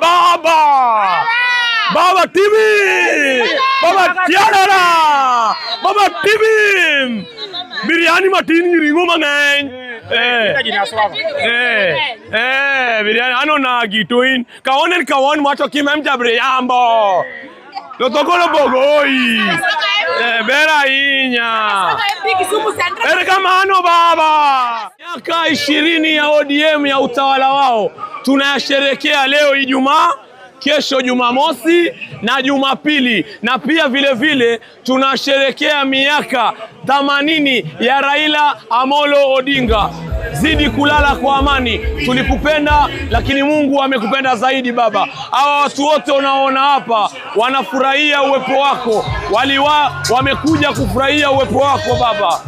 Baba. Baba TV. Baba Tiadara. Baba TV. Biryani matini ringo mang'eny. Eh, eh. Eh, biryani ano nagi tuin kaonen kawon macho kimem jabre to totokolo bogoi ber inya ere kamano baba miaka ishirini ya ODM ya utawala wao tunayasherekea leo Ijumaa, kesho Jumamosi na Jumapili, na pia vile vile tunasherekea miaka themanini ya Raila Amolo Odinga. Zidi kulala kwa amani. Tulikupenda, lakini Mungu amekupenda zaidi. Baba, hawa watu wote unaoona hapa wanafurahia uwepo wako, waliwa wamekuja kufurahia uwepo wako Baba.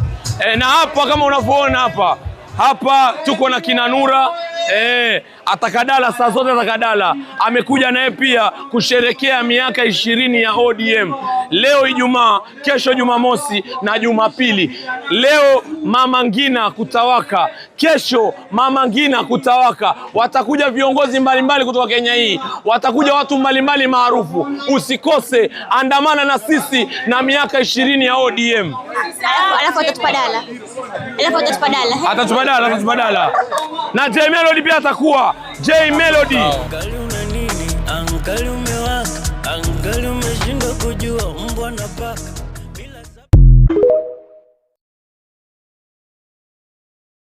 E, na hapa kama unavyoona hapa hapa tuko na kina Nura eh, atakadala saa zote atakadala amekuja naye pia kusherekea miaka ishirini ya ODM leo Ijumaa, kesho Jumamosi na Jumapili. Leo mama Ngina kutawaka, kesho mama Ngina kutawaka. Watakuja viongozi mbalimbali kutoka Kenya hii, watakuja watu mbalimbali maarufu. Usikose, andamana na sisi na miaka ishirini ya ODM. atatupadala, atatupadala na Melody pia atakuwa J Melody. Angali Angali umewaka. Angali umeshindwa kujua mbwa na paka.